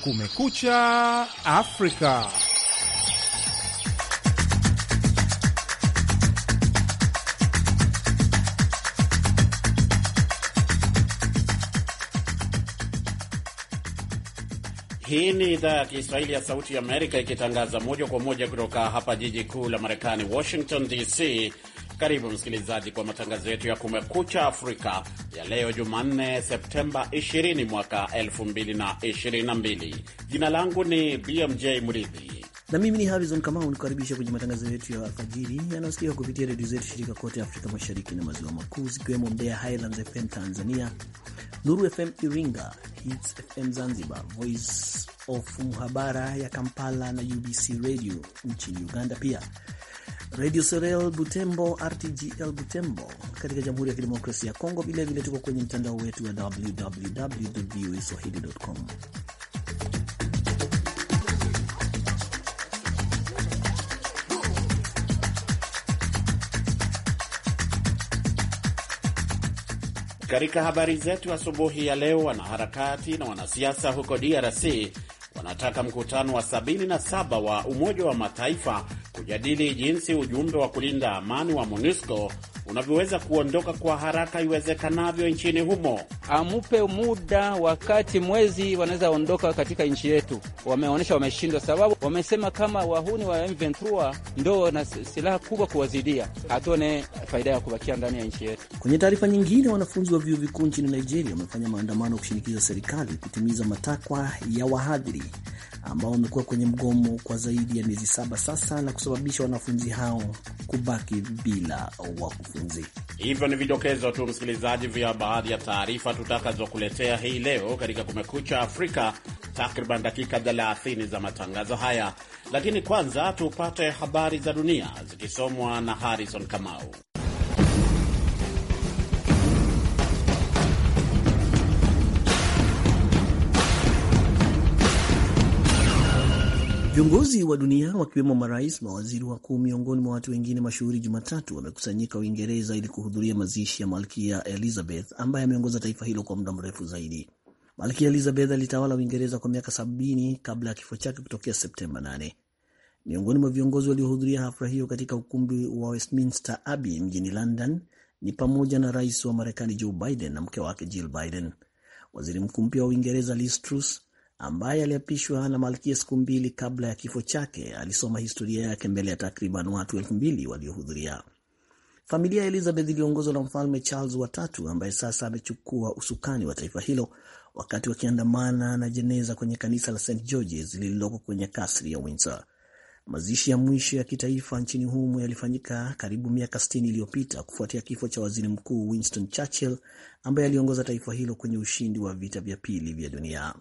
Kumekucha Afrika. Hii ni idhaa ya Kiswahili ya Sauti ya Amerika ikitangaza moja kwa moja kutoka hapa jiji kuu la Marekani, Washington DC. Karibu msikilizaji, kwa matangazo yetu ya Kumekucha Afrika ya leo Jumanne, Septemba 20 mwaka 2022. Jina langu ni BMJ Mridhi na mimi ni Harrison Kamau, nikukaribisha kwenye matangazo yetu ya alfajiri yanayosikika kupitia redio zetu shirika kote Afrika Mashariki na Maziwa Makuu, zikiwemo Mbeya Highlands FM Tanzania, Nuru FM Iringa, Hits FM Zanzibar, Voice of Muhabara ya Kampala na UBC Radio nchini Uganda pia Radio Serel Butembo, RTGL Butembo katika Jamhuri ya Kidemokrasia ya Kongo. Vilevile tuko kwenye mtandao wetu wa www.voaswahili.com. Katika habari zetu asubuhi ya leo, wanaharakati na wanasiasa huko DRC wanataka mkutano wa 77 wa Umoja wa Mataifa kujadili jinsi ujumbe wa kulinda amani wa MONUSCO unavyoweza kuondoka kwa haraka iwezekanavyo nchini humo. Amupe muda, wakati mwezi wanaweza ondoka katika nchi yetu. Wameonyesha wameshindwa, sababu wamesema kama wahuni wa M23 ndo na silaha kubwa kuwazidia, hatuone faida ya kubakia ndani ya nchi yetu. Kwenye taarifa nyingine, wanafunzi wa vyuo vikuu nchini Nigeria wamefanya maandamano kushinikiza serikali kutimiza matakwa ya wahadhiri ambao wamekuwa kwenye mgomo kwa zaidi ya miezi saba sasa na kusababisha wanafunzi hao kubaki bila wakufunzi. Hivyo ni vidokezo tu, msikilizaji, vya baadhi ya taarifa tutakazokuletea hii leo katika Kumekucha Afrika, takriban dakika 30 za matangazo haya, lakini kwanza tupate habari za dunia zikisomwa na Harrison Kamau. Viongozi wa dunia wakiwemo marais, mawaziri wakuu, miongoni mwa watu wengine mashuhuri, Jumatatu wamekusanyika Uingereza ili kuhudhuria mazishi ya malkia Elizabeth ambaye ameongoza taifa hilo kwa muda mrefu zaidi. Malkia Elizabeth alitawala Uingereza kwa miaka sabini kabla ya kifo chake kutokea Septemba 8. Miongoni mwa viongozi waliohudhuria hafla hiyo katika ukumbi wa Westminster Abbey mjini London ni pamoja na rais wa Marekani Joe Biden na mke wake Jill Biden, waziri mkuu mpya wa Uingereza Liz Truss, ambaye aliapishwa na malkia siku mbili kabla ya kifo chake, alisoma historia yake mbele ya takriban watu elfu mbili waliohudhuria. Familia ya Elizabeth iliongozwa na Mfalme Charles watatu ambaye sasa amechukua usukani wa taifa hilo, wakati wakiandamana na jeneza kwenye kanisa la St Georges lililoko kwenye kasri ya Windsor. Mazishi ya mwisho ya kitaifa nchini humo yalifanyika karibu miaka 60 iliyopita kufuatia kifo cha waziri mkuu Winston Churchill ambaye aliongoza taifa hilo kwenye ushindi wa vita vya pili vya dunia.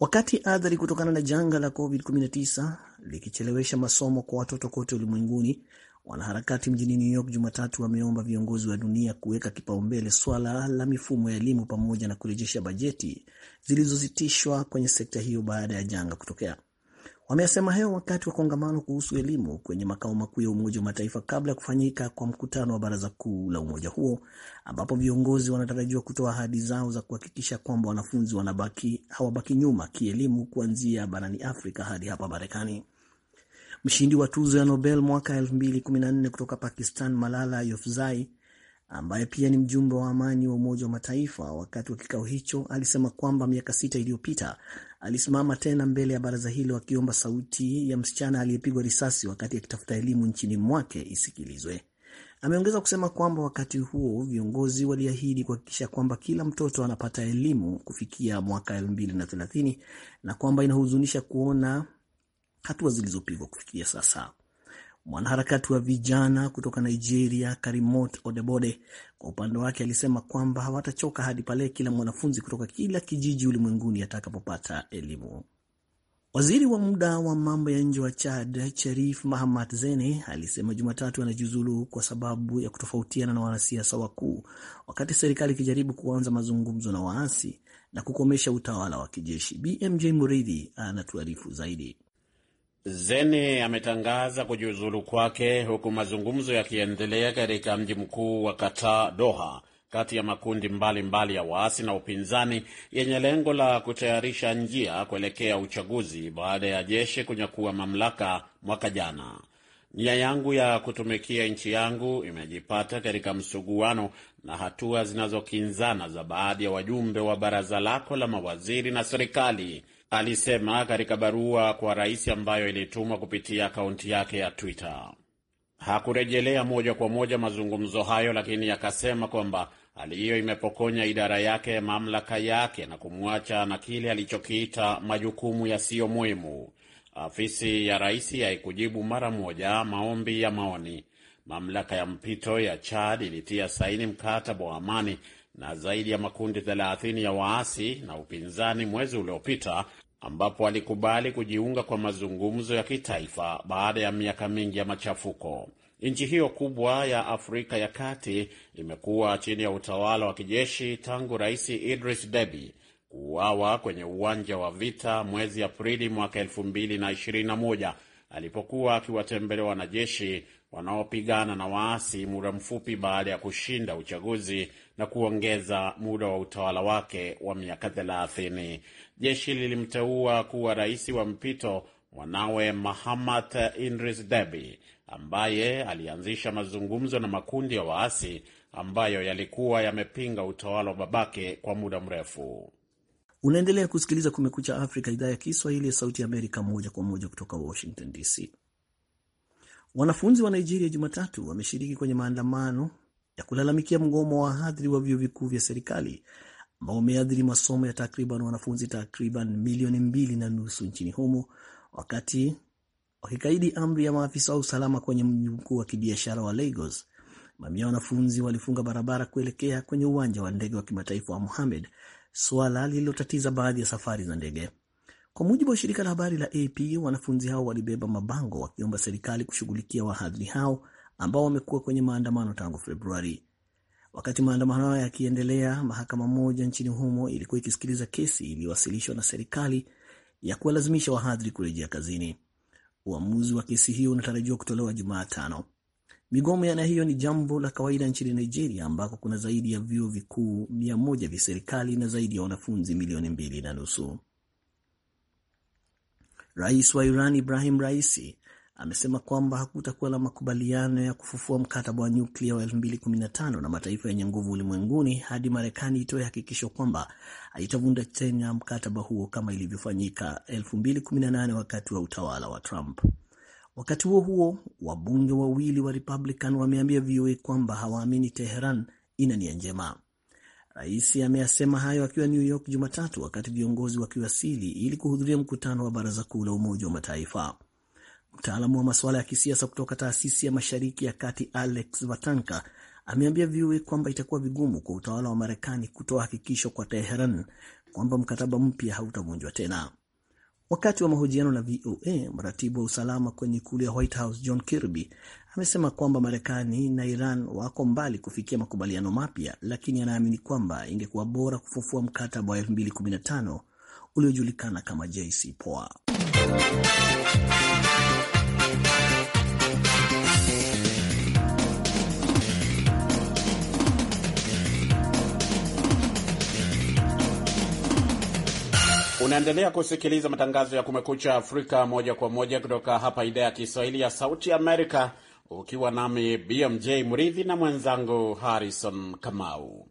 Wakati athari kutokana na janga la COVID-19 likichelewesha masomo kwa watoto kote ulimwenguni, wanaharakati mjini New York Jumatatu wameomba viongozi wa dunia kuweka kipaumbele swala la mifumo ya elimu pamoja na kurejesha bajeti zilizositishwa kwenye sekta hiyo baada ya janga kutokea. Wamesema hayo wakati wa kongamano kuhusu elimu kwenye makao makuu ya Umoja wa Mataifa kabla ya kufanyika kwa mkutano wa Baraza Kuu la umoja huo ambapo viongozi wanatarajiwa kutoa ahadi zao za kuhakikisha kwamba wanafunzi wanabaki hawabaki nyuma kielimu kuanzia barani Afrika hadi hapa Marekani. Mshindi wa tuzo ya Nobel mwaka 2014 kutoka Pakistan, Malala Yousafzai, ambaye pia ni mjumbe wa amani wa Umoja wa Mataifa, wakati wa kikao hicho alisema kwamba miaka sita iliyopita alisimama tena mbele ya baraza hilo akiomba sauti ya msichana aliyepigwa risasi wakati akitafuta elimu nchini mwake isikilizwe. Ameongeza kusema kwamba wakati huo viongozi waliahidi kuhakikisha kwamba kila mtoto anapata elimu kufikia mwaka thelathini na kwamba inahuzunisha kuona hatua zilizopigwa kufikia sasa. Mwanaharakati wa vijana kutoka Nigeria, Karimot Odebode, kwa upande wake alisema kwamba hawatachoka hadi pale kila mwanafunzi kutoka kila kijiji ulimwenguni atakapopata elimu. Waziri wa muda wa mambo ya nje wa Chad, Cherif Mahamat Zene, alisema Jumatatu anajiuzulu kwa sababu ya kutofautiana na wanasiasa wakuu, wakati serikali ikijaribu kuanza mazungumzo na waasi na kukomesha utawala wa kijeshi. BMJ Muridhi anatuarifu zaidi. Zeni ametangaza kujiuzulu kwake huku mazungumzo yakiendelea katika mji mkuu wa Qatar, Doha, kati ya makundi mbalimbali mbali ya waasi na upinzani yenye lengo la kutayarisha njia kuelekea uchaguzi baada ya jeshi kunyakua mamlaka mwaka jana. Nia yangu ya kutumikia nchi yangu imejipata katika msuguano na hatua zinazokinzana za baadhi ya wajumbe wa baraza lako la mawaziri na serikali alisema katika barua kwa rais ambayo ilitumwa kupitia akaunti yake ya Twitter. Hakurejelea moja kwa moja mazungumzo hayo, lakini akasema kwamba hali hiyo imepokonya idara yake mamlaka yake na kumwacha na kile alichokiita majukumu yasiyo muhimu. Afisi ya rais haikujibu mara moja maombi ya maoni. Mamlaka ya mpito ya Chad ilitia saini mkataba wa amani na zaidi ya makundi 30 ya waasi na upinzani mwezi uliopita, ambapo alikubali kujiunga kwa mazungumzo ya kitaifa baada ya miaka mingi ya machafuko. Nchi hiyo kubwa ya Afrika ya Kati imekuwa chini ya utawala wa kijeshi tangu Rais Idris Deby kuuawa kwenye uwanja wa vita mwezi Aprili mwaka 2021 alipokuwa akiwatembelea wanajeshi wanaopigana na waasi muda mfupi baada ya kushinda uchaguzi na kuongeza muda wa utawala wake wa miaka thelathini. Jeshi lilimteua kuwa rais wa mpito mwanawe Mahamat Idris Deby ambaye alianzisha mazungumzo na makundi ya waasi ambayo yalikuwa yamepinga utawala wa babake kwa muda mrefu. Unaendelea kusikiliza Kumekucha Afrika, idhaa ya Kiswahili ya Sauti Amerika, moja kwa moja kutoka Washington DC. Wanafunzi wa Nigeria Jumatatu wameshiriki kwenye maandamano ya kulalamikia mgomo wa wahadhiri wa vyuo vikuu vya serikali ambao umeathiri masomo ya takriban wanafunzi takriban milioni mbili na nusu nchini humo, wakati wakikaidi amri ya maafisa wa usalama kwenye mji mkuu wa kibiashara wa Lagos. Mamia wanafunzi walifunga barabara kuelekea kwenye uwanja wa ndege wa kimataifa wa Mohammed, suala lililotatiza baadhi ya safari za ndege. Kwa mujibu wa shirika la habari la AP, wanafunzi hao walibeba mabango wakiomba serikali kushughulikia wahadhiri hao ambao wamekuwa kwenye maandamano tangu Februari. Wakati maandamano hayo yakiendelea, mahakama moja nchini humo ilikuwa ikisikiliza kesi iliyowasilishwa na serikali ya kuwalazimisha wahadhiri kurejea kazini. Uamuzi wa kesi hiyo unatarajiwa kutolewa Jumatano. Migomo ya aina hiyo ni jambo la kawaida nchini Nigeria, ambako kuna zaidi ya vyuo vikuu mia moja vya serikali na zaidi ya wanafunzi milioni mbili na nusu. Rais wa Iran Ibrahim Raisi amesema kwamba hakutakuwa na makubaliano ya kufufua mkataba wa nyuklia wa 2015 na mataifa yenye nguvu ulimwenguni hadi Marekani itoe hakikisho kwamba haitavunda tena mkataba huo kama ilivyofanyika 2018 wakati wa utawala wa Trump. Wakati huo huo, wabunge wawili wa Republican wameambia VOA kwamba hawaamini Teheran ina nia njema. Rais ameyasema hayo akiwa New York Jumatatu, wakati viongozi wakiwasili ili kuhudhuria mkutano wa Baraza Kuu la Umoja wa Mataifa. Mtaalamu wa masuala ya kisiasa kutoka taasisi ya mashariki ya kati Alex Vatanka ameambia VOA kwamba itakuwa vigumu kwa utawala wa Marekani kutoa hakikisho kwa Teheran kwamba mkataba mpya hautavunjwa tena. Wakati wa mahojiano na VOA, mratibu wa usalama kwenye ikulu ya White House John Kirby amesema kwamba Marekani na Iran wako mbali kufikia makubaliano mapya, lakini anaamini kwamba ingekuwa bora kufufua mkataba wa 2015 uliojulikana kama JCPOA. Unaendelea kusikiliza matangazo ya Kumekucha Afrika moja kwa moja kutoka hapa idhaa ya Kiswahili ya Sauti Amerika, ukiwa nami BMJ Mridhi na mwenzangu Harrison Kamau.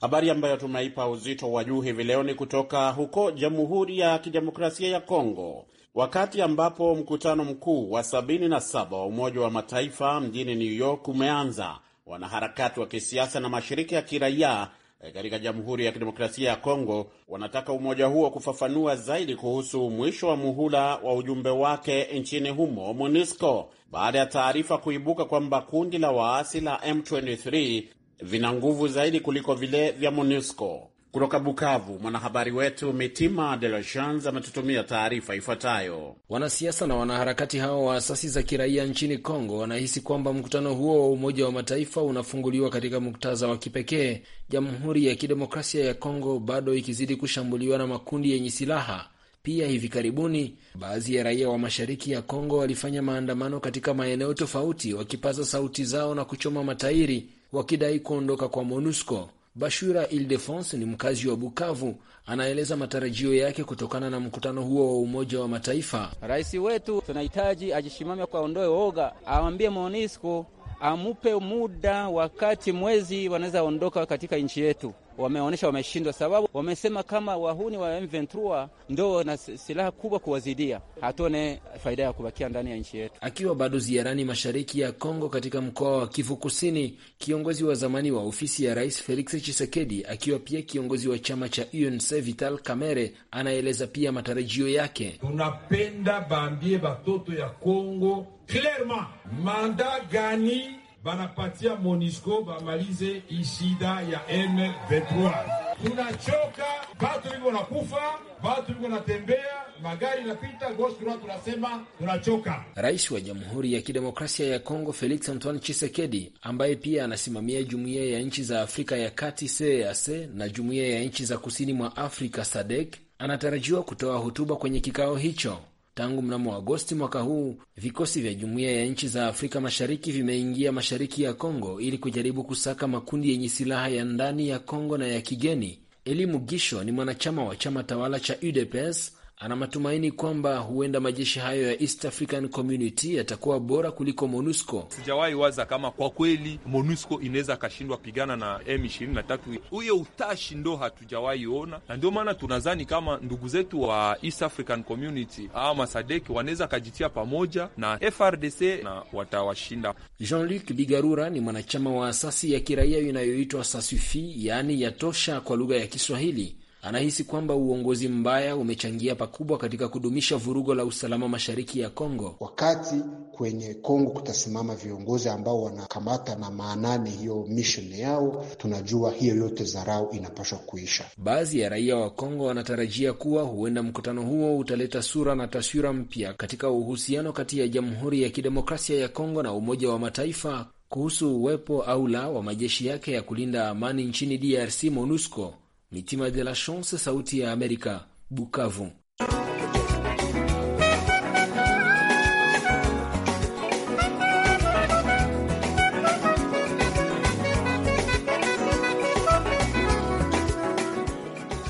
Habari ambayo tumeipa uzito wa juu hivi leo ni kutoka huko Jamhuri ya Kidemokrasia ya Kongo, wakati ambapo mkutano mkuu wa 77 wa Umoja wa Mataifa mjini New York umeanza, wanaharakati wa kisiasa na mashirika ya kiraia Eh, katika Jamhuri ya Kidemokrasia ya Kongo wanataka umoja huo kufafanua zaidi kuhusu mwisho wa muhula wa ujumbe wake nchini humo MONUSCO baada ya taarifa kuibuka kwamba kundi la waasi la M23 vina nguvu zaidi kuliko vile vya MONUSCO. Kutoka Bukavu, mwanahabari wetu Mitima De La Chance ametutumia taarifa ifuatayo. Wanasiasa na wanaharakati hao wa asasi za kiraia nchini Kongo wanahisi kwamba mkutano huo wa Umoja wa Mataifa unafunguliwa katika muktadha wa kipekee, Jamhuri ya Kidemokrasia ya Kongo bado ikizidi kushambuliwa na makundi yenye silaha. Pia hivi karibuni baadhi ya raia wa mashariki ya Kongo walifanya maandamano katika maeneo tofauti, wakipaza sauti zao na kuchoma matairi, wakidai kuondoka kwa MONUSCO. Bashura Ildefonse ni mkazi wa Bukavu, anaeleza matarajio yake kutokana na mkutano huo wa Umoja wa Mataifa. Rais wetu tunahitaji ajishimame kwa ondoe woga, awambie MONUSCO amupe muda, wakati mwezi wanaweza ondoka katika nchi yetu wameonyesha wameshindwa, sababu wamesema kama wahuni wa M23 ndo na silaha kubwa kuwazidia, hatuone faida ya kubakia ndani ya nchi yetu. Akiwa bado ziarani mashariki ya Kongo katika mkoa wa Kivu Kusini, kiongozi wa zamani wa ofisi ya rais Felix Tshisekedi akiwa pia kiongozi wa chama cha UNC Vital Kamerhe anaeleza pia matarajio yake. Tunapenda baambie batoto ya Kongo klerma manda gani banapatia Monisco bamalize ishida ya M23. Tunachoka, batu viko nakufa, batu viko natembea, magari inapita gosura, tunasema tunachoka. Rais wa Jamhuri ya Kidemokrasia ya Kongo Felix Antoine chisekedi ambaye pia anasimamia Jumuiya ya Nchi za Afrika ya Kati CEEAC na Jumuiya ya Nchi za Kusini mwa Afrika sadek anatarajiwa kutoa hotuba kwenye kikao hicho. Tangu mnamo Agosti mwaka huu, vikosi vya Jumuiya ya Nchi za Afrika Mashariki vimeingia mashariki ya Kongo ili kujaribu kusaka makundi yenye silaha ya ndani ya Kongo na ya kigeni. Elimu Gisho ni mwanachama wa chama tawala cha UDPS ana matumaini kwamba huenda majeshi hayo ya East African Community yatakuwa bora kuliko MONUSCO. Sijawahi waza kama kwa kweli MONUSCO inaweza akashindwa pigana na M23. Huyo utashi ndo hatujawahi ona, na ndio maana tunazani kama ndugu zetu wa East African Community ama MASADEK wanaweza akajitia pamoja na FRDC na watawashinda. Jean-Luc Bigarura ni mwanachama wa asasi ya kiraia inayoitwa Sasufi, yaani yatosha kwa lugha ya Kiswahili anahisi kwamba uongozi mbaya umechangia pakubwa katika kudumisha vurugo la usalama mashariki ya Kongo. Wakati kwenye Kongo kutasimama viongozi ambao wanakamata na maanani hiyo mishoni yao, tunajua hiyo yote dharau inapaswa kuisha. Baadhi ya raia wa Kongo wanatarajia kuwa huenda mkutano huo utaleta sura na taswira mpya katika uhusiano kati ya Jamhuri ya Kidemokrasia ya Kongo na Umoja wa Mataifa kuhusu uwepo au la wa majeshi yake ya kulinda amani nchini DRC MONUSCO. Mitima de la Chance, Sauti ya Amerika, Bukavu.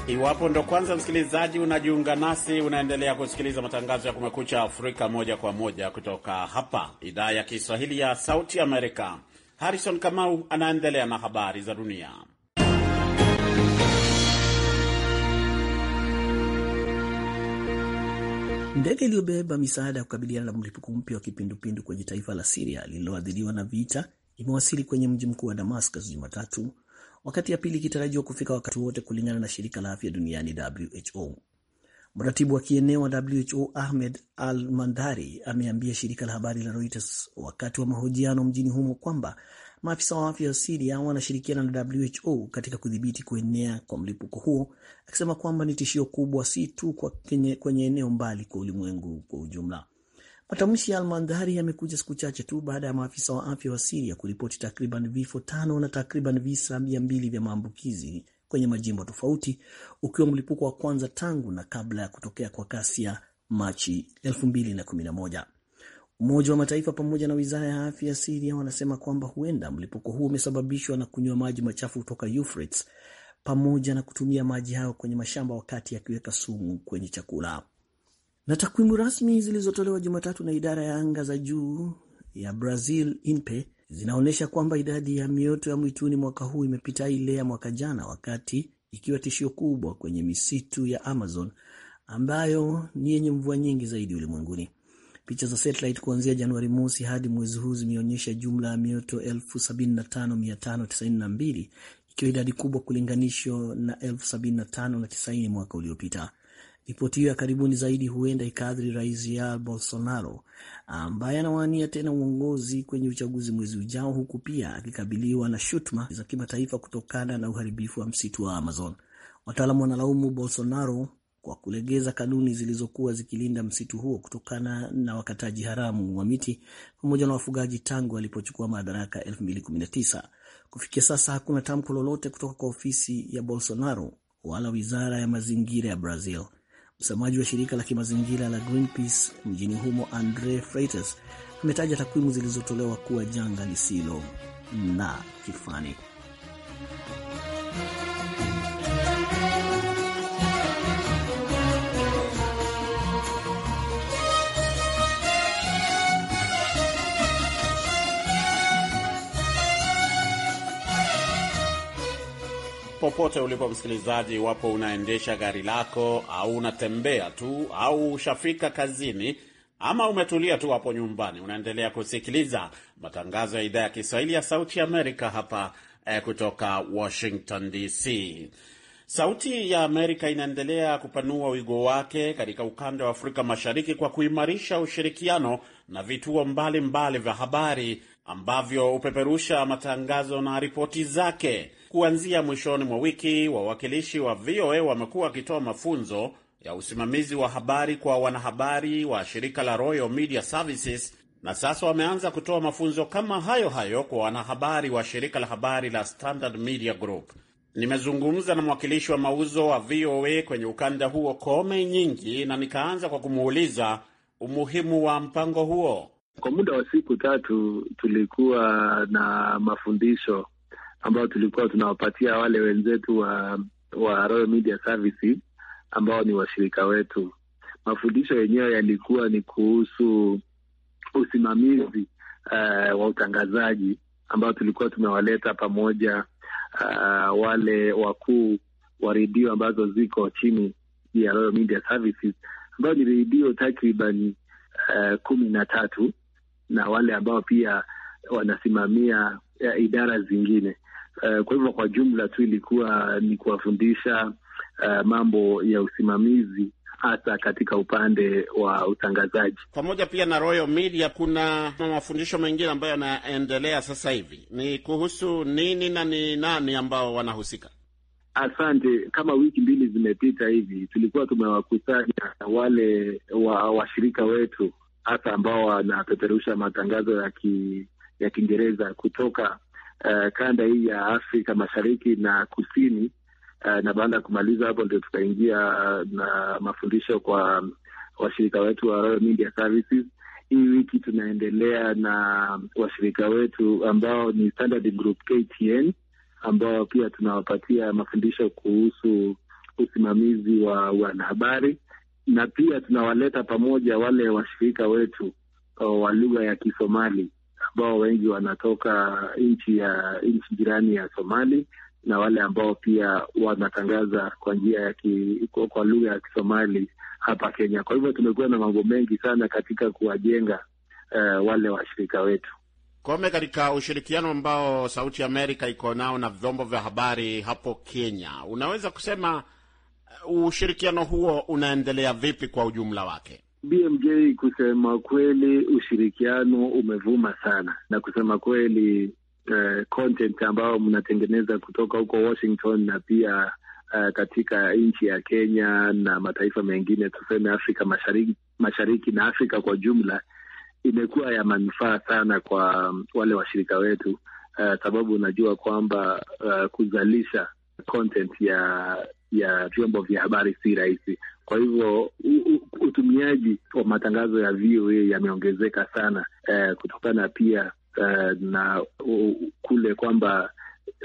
Iwapo ndo kwanza msikilizaji unajiunga nasi, unaendelea kusikiliza matangazo ya Kumekucha Afrika moja kwa moja kutoka hapa idhaa ya Kiswahili ya Sauti Amerika. Harrison Kamau anaendelea na habari za dunia. Ndege iliyobeba misaada ya kukabiliana na mlipuko mpya wa kipindupindu kwenye taifa la Siria lililoathiriwa na vita imewasili kwenye mji mkuu wa Damascus Jumatatu, wakati ya pili ikitarajiwa kufika wakati wote, kulingana na shirika la afya duniani WHO. Mratibu wa kieneo wa WHO Ahmed Al Mandhari ameambia shirika la habari la Reuters wakati wa mahojiano mjini humo kwamba maafisa wa afya wa Siria wanashirikiana na WHO katika kudhibiti kuenea kwa mlipuko huo, akisema kwamba ni tishio kubwa si tu kwenye eneo mbali kwa ulimwengu kwa ujumla. Matamshi ya Almandhari yamekuja siku chache tu baada ya maafisa wa afya wa Siria kuripoti takriban vifo tano na takriban visa mia mbili vya maambukizi kwenye majimbo tofauti, ukiwa mlipuko wa kwanza tangu na kabla ya kutokea kwa ya Machi 2011. Umoja wa Mataifa pamoja na wizara ya afya ya Siria wanasema kwamba huenda mlipuko huo umesababishwa na kunywa maji machafu kutoka Euphrates pamoja na kutumia maji hayo kwenye mashamba wakati yakiweka sumu kwenye chakula. Na takwimu rasmi zilizotolewa Jumatatu na idara ya anga za juu ya Brazil INPE zinaonyesha kwamba idadi ya mioto ya mwituni mwaka huu imepita ile ya mwaka jana, wakati ikiwa tishio kubwa kwenye misitu ya Amazon ambayo ni yenye mvua nyingi zaidi ulimwenguni. Picha za satellite kuanzia Januari mosi hadi mwezi huu zimeonyesha jumla ya mioto 75592 ikiwa idadi kubwa kulinganisho na 75590 mwaka uliopita. Ripoti hiyo ya karibuni zaidi huenda ikaathiri rais Jair Bolsonaro ambaye anawania tena uongozi kwenye uchaguzi mwezi ujao, huku pia akikabiliwa na shutuma za kimataifa kutokana na uharibifu wa msitu wa Amazon. Wataalamu wanalaumu Bolsonaro kwa kulegeza kanuni zilizokuwa zikilinda msitu huo kutokana na wakataji haramu wa miti pamoja na wafugaji tangu alipochukua madaraka 2019. Kufikia sasa hakuna tamko lolote kutoka kwa ofisi ya Bolsonaro wala wizara ya mazingira ya Brazil. Msemaji wa shirika la kimazingira la Greenpeace mjini humo Andre Freitas ametaja takwimu zilizotolewa kuwa janga lisilo na kifani. popote ulipo msikilizaji, iwapo unaendesha gari lako au unatembea tu au ushafika kazini ama umetulia tu hapo nyumbani, unaendelea kusikiliza matangazo ya idhaa ya Kiswahili ya Sauti Amerika hapa eh, kutoka Washington DC. Sauti ya Amerika inaendelea kupanua wigo wake katika ukanda wa Afrika Mashariki kwa kuimarisha ushirikiano na vituo mbalimbali vya habari ambavyo hupeperusha matangazo na ripoti zake. Kuanzia mwishoni mwa wiki, wawakilishi wa VOA wamekuwa wakitoa mafunzo ya usimamizi wa habari kwa wanahabari wa shirika la Royal Media Services, na sasa wameanza kutoa mafunzo kama hayo hayo kwa wanahabari wa shirika la habari la Standard Media Group. Nimezungumza na mwakilishi wa mauzo wa VOA kwenye ukanda huo Kome Nyingi, na nikaanza kwa kumuuliza umuhimu wa mpango huo. Kwa muda wa siku tatu tulikuwa na mafundisho ambao tulikuwa tunawapatia wale wenzetu wa wa Royal Media Services ambao ni washirika wetu. Mafundisho yenyewe yalikuwa ni kuhusu usimamizi uh, wa utangazaji ambao tulikuwa tumewaleta pamoja uh, wale wakuu wa redio ambazo ziko chini ya Royal Media Services ambayo ni redio takriban uh, kumi na tatu na wale ambao pia wanasimamia idara zingine. Eh, kwa hivyo kwa jumla tu ilikuwa ni kuwafundisha uh, mambo ya usimamizi hasa katika upande wa utangazaji pamoja pia na Royal Media. Kuna mafundisho mengine ambayo yanaendelea sasa hivi, ni kuhusu nini na ni nani ambao wanahusika? Asante. Kama wiki mbili zimepita hivi, tulikuwa tumewakusanya wale wa washirika wetu hasa ambao wanapeperusha matangazo ya ki, ya Kiingereza kutoka uh, kanda hii ya Afrika Mashariki na Kusini uh, na baada ya kumaliza hapo ndio tukaingia uh, na mafundisho kwa mm, washirika wetu wa Royal Media Services. Hii wiki tunaendelea na washirika wetu ambao ni Standard Group KTN ambao pia tunawapatia mafundisho kuhusu usimamizi wa wanahabari na pia tunawaleta pamoja wale washirika wetu wa lugha ya Kisomali ambao wengi wanatoka nchi ya nchi jirani ya Somali na wale ambao pia wanatangaza kwa njia ya ki, kwa lugha ya Kisomali hapa Kenya. Kwa hivyo tumekuwa na mambo mengi sana katika kuwajenga uh, wale washirika wetu Kome, katika ushirikiano ambao Sauti Amerika iko nao na vyombo vya habari hapo Kenya, unaweza kusema eh, ushirikiano huo unaendelea vipi kwa ujumla wake? BMJ, kusema kweli, ushirikiano umevuma sana, na kusema kweli uh, content ambayo mnatengeneza kutoka huko Washington na pia uh, katika nchi ya Kenya na mataifa mengine tuseme Afrika Mashariki, Mashariki na Afrika kwa jumla imekuwa ya manufaa sana kwa mm, wale washirika wetu uh, sababu unajua kwamba uh, kuzalisha content ya ya vyombo vya habari si rahisi. Kwa hivyo utumiaji wa matangazo ya VOA yameongezeka sana eh, kutokana pia eh, na uh, kule kwamba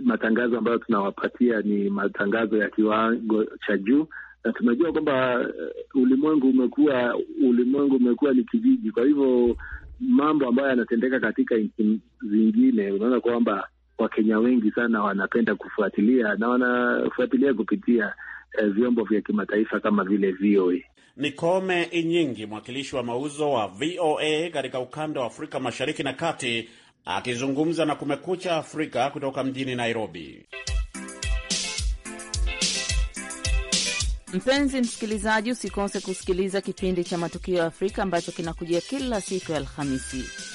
matangazo ambayo tunawapatia ni matangazo ya kiwango cha juu na tunajua kwamba eh, ulimwengu umekuwa ulimwengu umekuwa ni kijiji. Kwa hivyo mambo ambayo yanatendeka katika nchi zingine, unaona kwamba Wakenya wengi sana wanapenda kufuatilia na wanafuatilia kupitia eh, vyombo vya kimataifa kama vile VOA. Nikome Inyingi, mwakilishi wa mauzo wa VOA katika ukanda wa Afrika Mashariki na Kati, akizungumza na Kumekucha Afrika kutoka mjini Nairobi. Mpenzi msikilizaji, usikose kusikiliza kipindi cha Matukio ya Afrika ambacho kinakujia kila siku ya Alhamisi.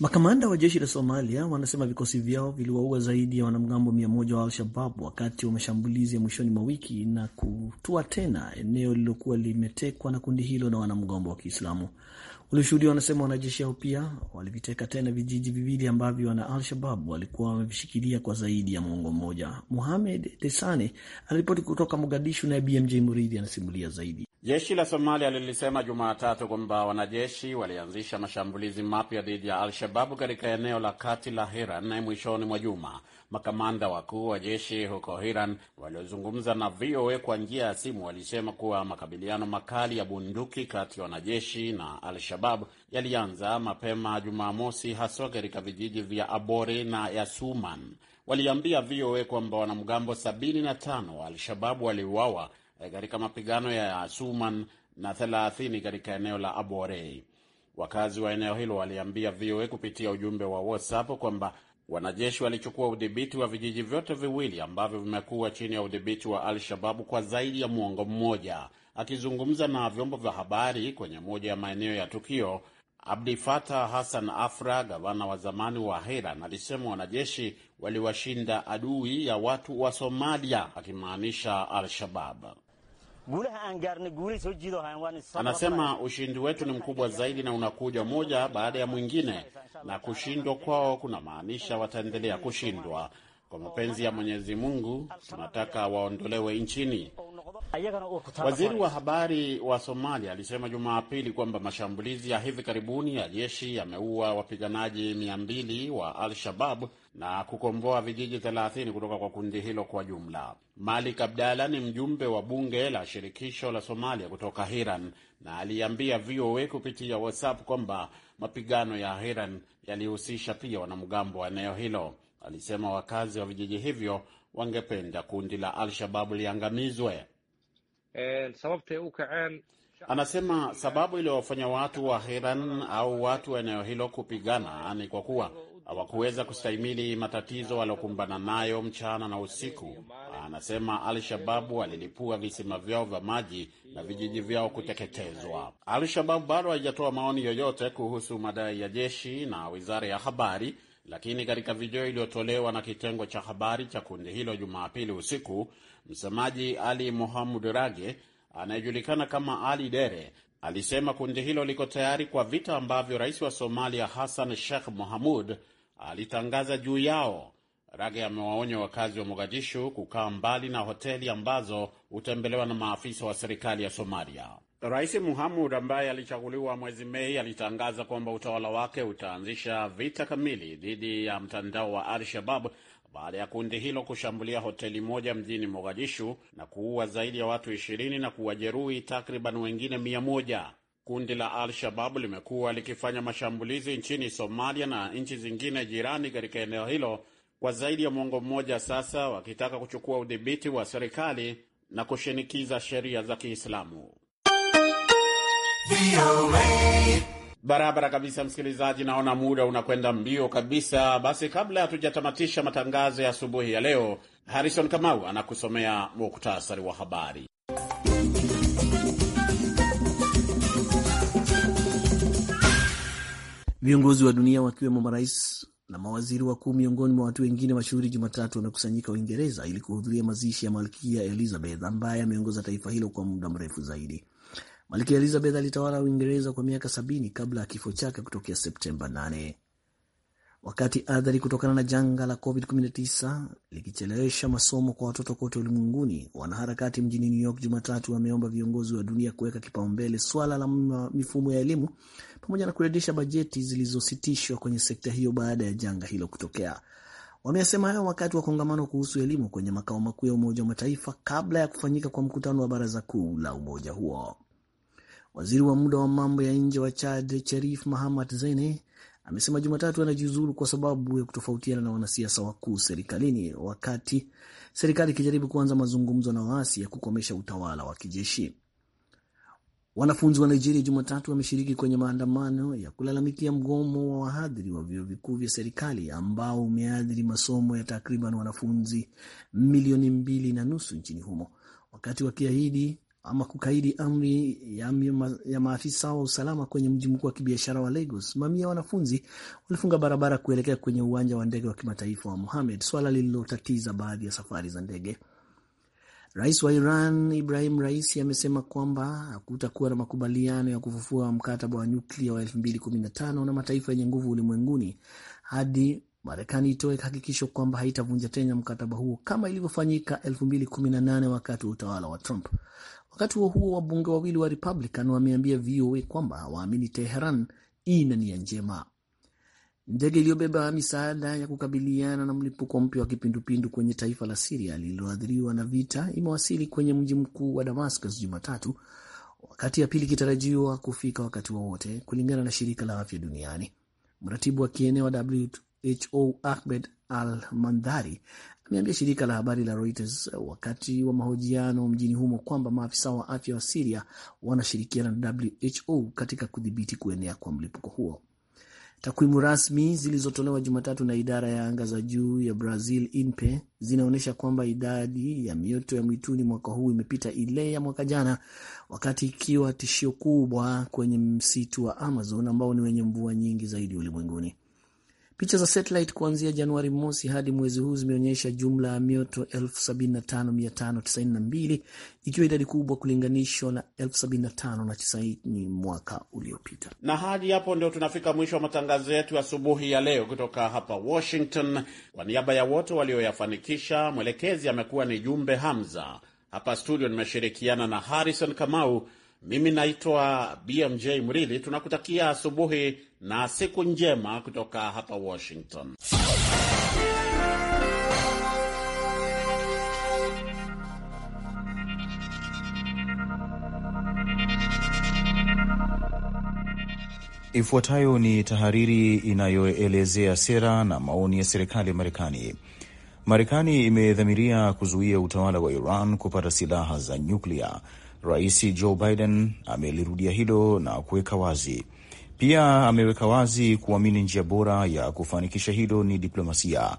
Makamanda wa jeshi la Somalia wanasema vikosi vyao viliwaua zaidi ya wanamgambo mia moja wa Al-Shabab wakati wa mashambulizi ya mwishoni mwa wiki na kutua tena eneo lililokuwa limetekwa na kundi hilo na wanamgambo wa Kiislamu ulioshuhudiwa wanasema wanajeshi hao pia waliviteka tena vijiji viwili ambavyo wana Al-Shabab walikuwa wamevishikilia kwa zaidi ya mwongo mmoja. Muhamed Tesane anaripoti kutoka Mogadishu, naye BMJ Muridhi anasimulia zaidi. Jeshi la Somalia lilisema Jumatatu kwamba wanajeshi walianzisha mashambulizi mapya dhidi ya Al-Shababu katika eneo la kati la Hiran mwishoni mwa juma Makamanda wakuu wa jeshi huko Iran waliozungumza na VOA kwa njia ya simu walisema kuwa makabiliano makali ya bunduki kati ya wanajeshi na Al-Shabab yalianza mapema Jumamosi, haswa katika vijiji vya Abore na Yasuman. Waliambia VOA kwamba wanamgambo 75 wa al shabab waliuawa eh, katika mapigano ya Yasuman na 30 katika eneo la Abore. Wakazi wa eneo hilo waliambia VOA kupitia ujumbe wa WhatsApp kwamba Wanajeshi walichukua udhibiti wa vijiji vyote viwili ambavyo vimekuwa chini ya udhibiti wa Al-Shababu kwa zaidi ya mwongo mmoja. Akizungumza na vyombo vya habari kwenye moja ya maeneo ya tukio, Abdi Fatah Hassan Afra, gavana wa zamani wa Hiran, alisema wanajeshi waliwashinda adui ya watu wa Somalia, akimaanisha Al-Shabab. Anasema ushindi wetu ni mkubwa zaidi na unakuja moja baada ya mwingine, na kushindwa kwao kunamaanisha wataendelea kushindwa. Kwa mapenzi ya Mwenyezi Mungu tunataka waondolewe nchini. Waziri wa habari wa Somalia alisema Jumapili kwamba mashambulizi ya hivi karibuni ya jeshi yameua wapiganaji 200 wa Al-Shabab na kukomboa vijiji 30 kutoka kwa kundi hilo kwa jumla. Malik Abdalla ni mjumbe wa bunge la shirikisho la Somalia kutoka Hiran na aliambia VOA kupitia WhatsApp kwamba mapigano ya Hiran yalihusisha pia wanamgambo wa eneo hilo. Alisema wakazi wa vijiji hivyo wangependa kundi la Al-Shababu liangamizwe. Anasema sababu iliyowafanya watu wa hiran au watu wa eneo hilo kupigana ni kwa kuwa hawakuweza kustahimili matatizo waliokumbana nayo mchana na usiku. Anasema Al-Shababu alilipua visima vyao vya maji na vijiji vyao kuteketezwa. Al-Shababu bado haijatoa maoni yoyote kuhusu madai ya jeshi na wizara ya habari lakini katika video iliyotolewa na kitengo cha habari cha kundi hilo Jumapili usiku, msemaji Ali Mohamud Rage anayejulikana kama Ali Dere alisema kundi hilo liko tayari kwa vita ambavyo rais wa Somalia Hassan Sheikh Mohamud alitangaza juu yao. Rage amewaonya wakazi wa Mogadishu kukaa mbali na hoteli ambazo hutembelewa na maafisa wa serikali ya Somalia. Rais Muhamud ambaye alichaguliwa mwezi Mei alitangaza kwamba utawala wake utaanzisha vita kamili dhidi ya mtandao wa Al-Shabab baada ya kundi hilo kushambulia hoteli moja mjini Mogadishu na kuua zaidi ya watu ishirini na kuwajeruhi takriban wengine mia moja. Kundi la Al-Shabab limekuwa likifanya mashambulizi nchini Somalia na nchi zingine jirani katika eneo hilo kwa zaidi ya mwongo mmoja sasa, wakitaka kuchukua udhibiti wa serikali na kushinikiza sheria za Kiislamu. Barabara kabisa, msikilizaji, naona muda unakwenda mbio kabisa. Basi kabla hatujatamatisha matangazo ya asubuhi ya leo, Harrison Kamau anakusomea muktasari wa habari. Viongozi wa dunia wakiwemo marais na mawaziri wakuu miongoni mwa watu wengine mashuhuri Jumatatu wamekusanyika Uingereza ili kuhudhuria mazishi ya malkia Elizabeth ambaye ameongoza taifa hilo kwa muda mrefu zaidi. Malkia Elizabeth alitawala Uingereza kwa miaka sabini kabla ya kifo chake kutokea Septemba 8 wakati athari kutokana na janga la COVID-19 likichelewesha masomo kwa watoto kote ulimwenguni, wanaharakati mjini New York Jumatatu wameomba viongozi wa dunia kuweka kipaumbele swala la mifumo ya elimu pamoja na kurejesha bajeti zilizositishwa kwenye sekta hiyo baada ya janga hilo kutokea. wameasema hayo wakati wa kongamano kuhusu elimu kwenye makao makuu ya Umoja wa Mataifa kabla ya kufanyika kwa mkutano wa Baraza Kuu la umoja huo. Waziri wa muda wa mambo ya nje wa Chad Cherif Mahamat Zene amesema Jumatatu anajiuzuru kwa sababu ya kutofautiana na wanasiasa wakuu serikalini, wakati serikali ikijaribu kuanza mazungumzo na waasi ya kukomesha utawala wa kijeshi. Wanafunzi wa Nigeria Jumatatu wameshiriki kwenye maandamano ya kulalamikia mgomo wa wahadhiri wa vyuo vikuu vya serikali ambao umeathiri masomo ya takriban wanafunzi milioni mbili na nusu nchini humo, wakati wakiahidi ama kukaidi amri ya, ya maafisa wa usalama kwenye mji mkuu wa kibiashara wa Lagos. Mamia wanafunzi walifunga barabara kuelekea kwenye uwanja wa ndege wa kimataifa wa Mohamed, swala lililotatiza baadhi ya safari za ndege. Rais wa Iran Ibrahim Raisi amesema kwamba hakutakuwa na makubaliano ya kufufua mkataba wa nyuklia wa 2015 na mataifa yenye nguvu ulimwenguni hadi Marekani itoe hakikisho kwamba haitavunja tena mkataba huo kama ilivyofanyika 2018 wakati wa utawala wa Trump. Wakati huo huo, wabunge wawili wa Republican wameambia VOA kwamba waamini Teheran ina nia njema. Ndege iliyobeba misaada ya kukabiliana na mlipuko mpya wa kipindupindu kwenye taifa la Siria lililoathiriwa na vita imewasili kwenye mji mkuu wa Damascus Jumatatu, wakati ya pili ikitarajiwa kufika wakati wowote wa kulingana na shirika la afya duniani. Mratibu wa kieneo wa WHO Ahmed Al Mandhari ameambia shirika la habari la Reuters uh, wakati wa mahojiano mjini humo kwamba maafisa wa afya wa Siria wanashirikiana na WHO katika kudhibiti kuenea kwa mlipuko huo. Takwimu rasmi zilizotolewa Jumatatu na idara ya anga za juu ya Brazil INPE zinaonyesha kwamba idadi ya mioto ya mwituni mwaka huu imepita ile ya mwaka jana, wakati ikiwa tishio kubwa kwenye msitu wa Amazon ambao ni wenye mvua nyingi zaidi ulimwenguni. Picha za satellite kuanzia Januari mosi hadi mwezi huu zimeonyesha jumla ya mioto 75592 ikiwa idadi kubwa kulinganishwa na 759 mwaka uliopita. Na hadi hapo ndio tunafika mwisho wa matangazo yetu asubuhi ya leo kutoka hapa Washington. Kwa niaba ya wote walioyafanikisha, mwelekezi amekuwa ni Jumbe Hamza. Hapa studio nimeshirikiana na Harrison Kamau. Mimi naitwa BMJ Mridhi, tunakutakia asubuhi na siku njema kutoka hapa Washington. Ifuatayo ni tahariri inayoelezea sera na maoni ya serikali ya Marekani. Marekani imedhamiria kuzuia utawala wa Iran kupata silaha za nyuklia Rais Joe Biden amelirudia hilo na kuweka wazi pia ameweka wazi kuamini njia bora ya kufanikisha hilo ni diplomasia.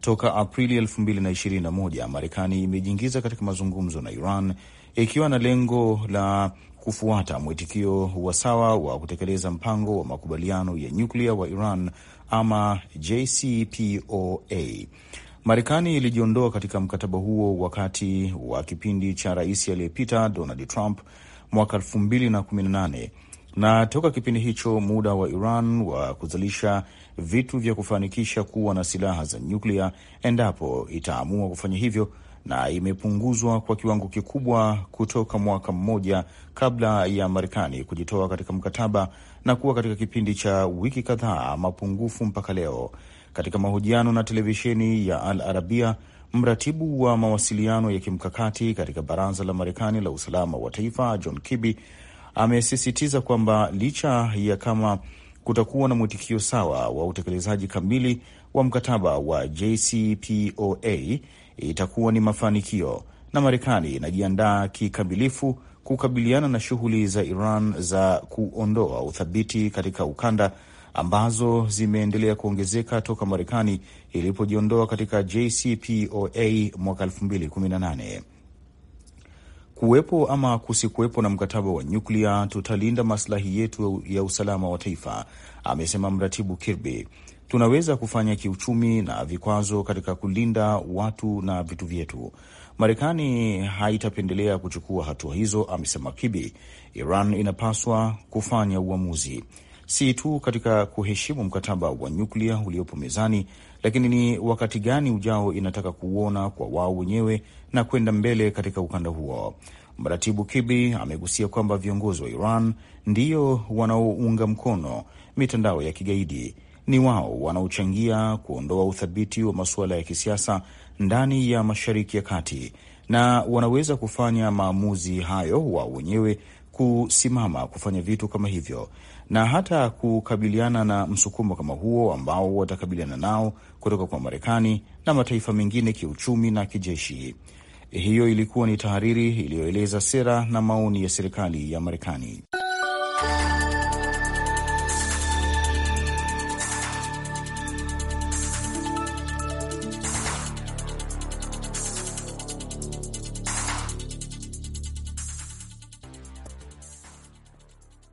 Toka Aprili 2021 Marekani imejiingiza katika mazungumzo na Iran ikiwa na lengo la kufuata mwitikio wa sawa wa kutekeleza mpango wa makubaliano ya nyuklia wa Iran ama JCPOA. Marekani ilijiondoa katika mkataba huo wakati wa kipindi cha rais aliyepita Donald Trump mwaka 218 na na toka kipindi hicho muda wa Iran wa kuzalisha vitu vya kufanikisha kuwa na silaha za nyuklia endapo itaamua kufanya hivyo na imepunguzwa kwa kiwango kikubwa kutoka mwaka mmoja kabla ya Marekani kujitoa katika mkataba na kuwa katika kipindi cha wiki kadhaa mapungufu mpaka leo. Katika mahojiano na televisheni ya Al Arabia, mratibu wa mawasiliano ya kimkakati katika baraza la Marekani la usalama wa taifa John Kirby amesisitiza kwamba licha ya kama kutakuwa na mwitikio sawa wa utekelezaji kamili wa mkataba wa JCPOA itakuwa ni mafanikio, na Marekani inajiandaa kikamilifu kukabiliana na shughuli za Iran za kuondoa uthabiti katika ukanda ambazo zimeendelea kuongezeka toka Marekani ilipojiondoa katika JCPOA mwaka 2018. Kuwepo ama kusikuwepo na mkataba wa nyuklia, tutalinda maslahi yetu ya usalama wa taifa, amesema mratibu Kirby. Tunaweza kufanya kiuchumi na vikwazo katika kulinda watu na vitu vyetu. Marekani haitapendelea kuchukua hatua hizo, amesema Kibi. Iran inapaswa kufanya uamuzi si tu katika kuheshimu mkataba wa nyuklia uliopo mezani, lakini ni wakati gani ujao inataka kuuona kwa wao wenyewe na kwenda mbele katika ukanda huo. Mratibu Kibi amegusia kwamba viongozi wa Iran ndiyo wanaounga mkono mitandao ya kigaidi, ni wao wanaochangia kuondoa uthabiti wa masuala ya kisiasa ndani ya Mashariki ya Kati, na wanaweza kufanya maamuzi hayo wao wenyewe, kusimama kufanya vitu kama hivyo na hata kukabiliana na msukumo kama huo ambao watakabiliana nao kutoka kwa Marekani na mataifa mengine kiuchumi na kijeshi. Hiyo ilikuwa ni tahariri iliyoeleza sera na maoni ya serikali ya Marekani.